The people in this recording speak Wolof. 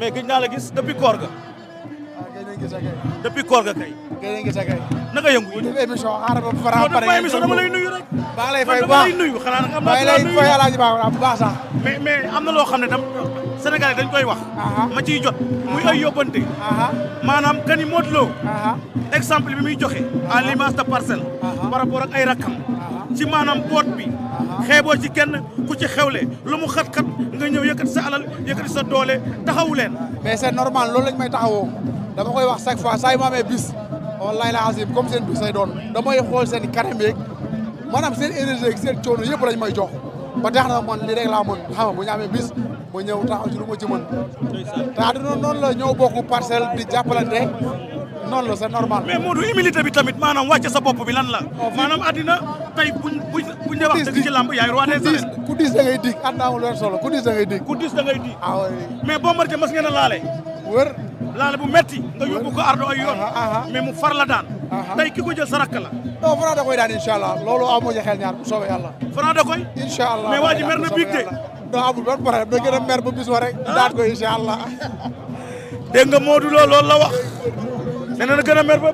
mais gëj la gis depuis koor ga. Ah, depuis koor ga kay. gëj gis kay. naka yëngu. bu def émission xaaral ba faram pare ngeen dama lay nuyu rek. baa lay mais mais am na loo xam ne dam Sénégal dañ koy wax. ma ciy jot. muy ay yóbbante. maanaam kani Modou Lo. exemple bi muy joxe. à l'image de parcelle. par ak ay rakkam. ci maanaam boot bi xeeboo ci kenn ku ci xewle lu mu xat-xat nga ñëw yëkkati sa alal yëkkati sa doole taxawu leen. mais c'est normal loolu lañ may taxawoo dama koy wax chaque fois saa yu ma amee bis wallahi la azim comme seen bis say doon damay xool seen kanam yeeg seen énergie seen coono yëpp lañ may jox ba tax na man li rek laa mën xam nga bu ñu amee bis ma ñëw taxaw ci lu ma te àdduna noonu la ñëw bokku parcelle di jàppalante noonu la c'est normal. mais Modou humilité bi tamit maanaam wàcce sa bopp bi lan la. maanaam tey buñ buñ dee wax dëgg ci làmb yaay roi des arènes ku diis da ngay dig at naa amul solo ku diis da ngay dig ku diis da ngay dig ah a laale wër laale bu metti nga yóbbu ko ardo yoon ah, ah, ah. mais mu far la daan tey ki ko jël la non Franc da koy daan incha allah loolu amoo ci xel ñaar bu soobee yàlla Franc koy incha allah mais a mer ba bis nga Modou Lo loolu la wa nee na gën a mer ba